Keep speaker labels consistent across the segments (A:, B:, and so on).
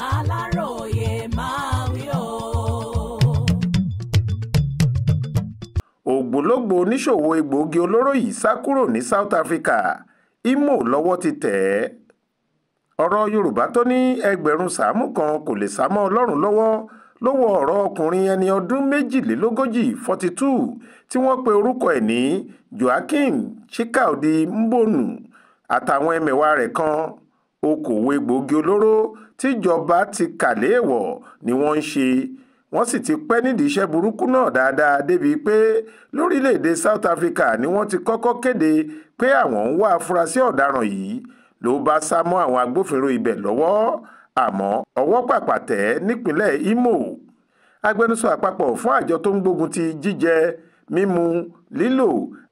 A: aláròye máa wí o. ògbólógbòó oníṣòwò egbòogi olóró yìí sá kúrò ní South Africa Imo lọ́wọ́ ti tẹ̀ ẹ́ ọ̀rọ̀ Yorùbá tó ní ẹgbẹ̀rún sàámù kan kò lè sá mọ́ Ọlọ́run lọ́wọ́ ló wọ ọ̀rọ̀ ọkùnrin ẹni ọdún méjìlélógójì forty two tí wọ́n pe orúkọ ẹ̀ ní Joaquin Chikaudi Mbonu àtàwọn ẹmẹ̀wà rẹ̀ kan okòwò egbòogi olóró tíjọba ti kà léèwọ̀ ni wọ́n ń ṣe wọ́n sì ti pẹ́ nídìí iṣẹ́ burúkú náà dáadáa débìí pé lórílẹ̀‐èdè South Africa ni wọ́n ti kọ́kọ́ kéde pé àwọn ń wá afurasí ọ̀daràn yìí ló bá sá mọ́ àwọn agbófinró ibẹ̀ lọ́wọ́ àmọ́ ọwọ́ pàpà tẹ̀ nípínlẹ̀ Imo agbẹnusọ àpapọ̀ fún àjọ tó ń gbógun ti jíjẹ mímu lílò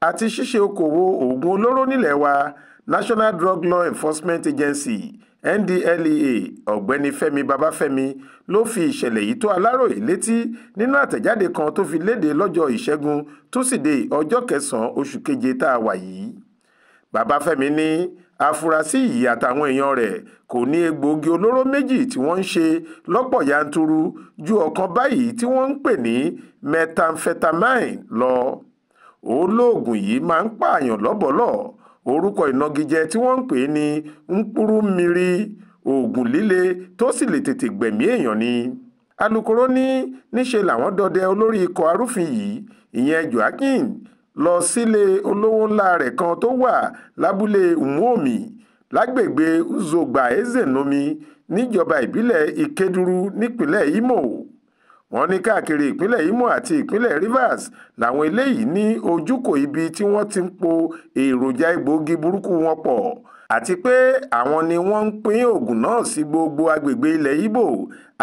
A: àti ṣíṣe okòwò oògùn olóró nílẹ̀ wa national drug law enforcement agency ndlea ọ̀gbẹ́ni fẹ́mi babafẹ́mi ló fi ìṣẹ̀lẹ̀ yìí tó aláròye létí nínú àtẹ̀jáde kan tó fi léde lọ́jọ́ ìṣẹ́gun túsídéé ọjọ́ kẹsàn-án oṣù keje tá a wà yìí babafẹ́mi ní afurasí yìí àtàwọn èèyàn rẹ̀ kò ní egbòogi olóró méjì tí wọ́n ń ṣe lọ́pọ̀ yanturu ju ọ̀kan báyìí tí wọ́n ń pè ní methamphetamine lọ òun lóògùn yìí máa ń pààyàn lọ́bọ̀lọ́ọ̀ orúkọ ìnagijẹ tí wọ́n ń pè ní npurummiri oògùn líle tó sì lè tètè gbẹ̀mí èèyàn ni alūkkóró ní níṣe làwọn dọdẹ olórí ikọ̀ arúfin yìí ìyẹn joaquin lọ sílé olówó ńlá rẹ̀ kan tó wà lábúlé umuomi lágbègbè uzogba ezenomi níjọba ìbílẹ̀ ikeduru nípínlẹ̀ imo wọ́n ní káàkiri ìpínlẹ̀ Imo àti ìpínlẹ̀ Rivers làwọn eléyìí ní ojúkò ibi tí wọ́n ti ń po èròjà egbòogi burúkú wọn pọ̀ àti pé àwọn ni wọ́n ń pín oògùn náà sí gbogbo agbègbè ilẹ̀ Ìgbò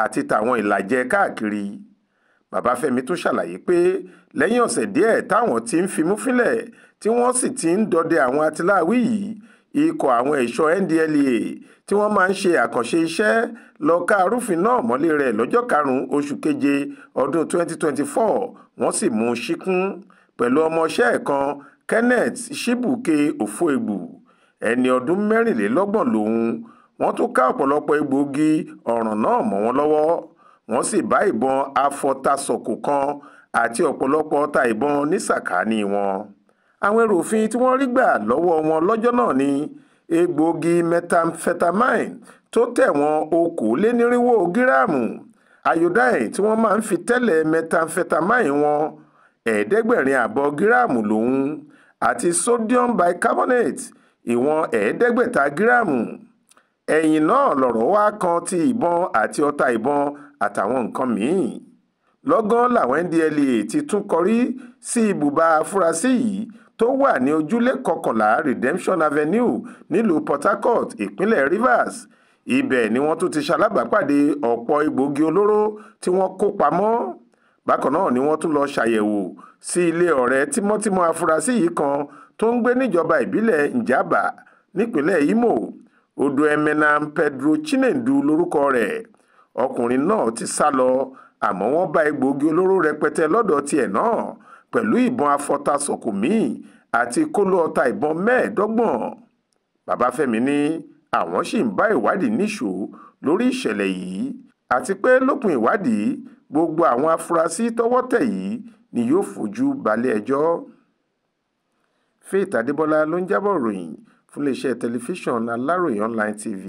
A: àti tàwọn ìlàjẹ káàkiri Babafẹ́mi tún ṣàlàyé pé lẹ́yìn ọ̀sẹ̀ díẹ̀ táwọn ti ń fimú fínlẹ̀ tí wọ́n sì ti ń dọdẹ àwọn atiláwí yìí ikọ̀ àwọn ẹ̀ṣọ́ ndlea tí wọ́n máa ń ṣe àkànṣe iṣẹ́ lọ ká arúfin náà mọ́lé rẹ̀ lọ́jọ́ karùn-ún oṣù keje ọdún 2024 wọ́n sì mú un ṣíkún pẹ̀lú ọmọọṣẹ́ kan kenneth shibuke ofoegbu ẹni ọdún mẹ́rìnlélọ́gbọ̀n lòun wọ́n tún ká ọ̀pọ̀lọpọ̀ egbòogi ọ̀ràn náà mọ́ wọn lọ́wọ́ wọ́n sì bá ìbọn afọtasọ̀kò kan àti ọ̀pọ̀lọpọ̀ ọta ìbọn ní wọn àwọn ẹrù òfin tí wọ́n rí gbà lọ́wọ́ wọn lọ́jọ́ náà ni egbòogi methamphetamine tó tẹ̀wọ̀n okòólénírínwó gíráàmù iodine tí wọ́n máa ń fi tẹ́lẹ̀ methamphetamine wọn ẹ̀ẹ́dẹ́gbẹ̀rin àbọ̀ gíráàmù lòun àti sodium bicarbonate ìwọ̀n ẹ̀ẹ́dẹ́gbẹ̀ta gíráàmù ẹ̀yìn náà lọ̀rọ̀ wá kan ti ìbọn àti ọta ìbọn àtàwọn nǹkan míì lọ́gán làwọn ndlea ti tún kọrí sí ibùba afurasí yìí tó wà ní ojúlé kọkànlá Redemption Avenue nílùú Port Harcourt ìpínlẹ̀ Rivers ibẹ̀ ni wọ́n tún ti ṣalábàápàdé ọ̀pọ̀ egbòogi olóró tí wọ́n kó pamọ́ bákan náà ni wọ́n tún lọ ṣàyẹ̀wò sí ilé ọ̀rẹ́ tímọ́tímọ́ afurasí yìí kan tó ń gbé níjọba ìbílẹ̀ Njaba nípínlẹ̀ Imo odò emena Pedro Chinendu lórúkọ rẹ̀ ọkùnrin náà ti sá lọ àmọ́ wọ́n bá egbòogi olóró rẹpẹtẹ lọ́dọ̀ tiẹ̀ náà pẹ̀lú ìbọn afọtasọ̀kò míì àti kóló ọta ìbọn mẹ́ẹ̀ẹ́dọ́gbọ̀n babafẹ́mi ní àwọn sì ń bá ìwádìí níṣó lórí ìṣẹ̀lẹ̀ yìí àti pé lópin ìwádìí gbogbo àwọn afurasí tọ́wọ́ tẹ̀ yìí ni yóò fojú balẹ̀-ẹjọ́ faith adébọlá ló ń jábọ̀ ròyìn fún iléeṣẹ́ tẹlifíṣàn aláròye online tv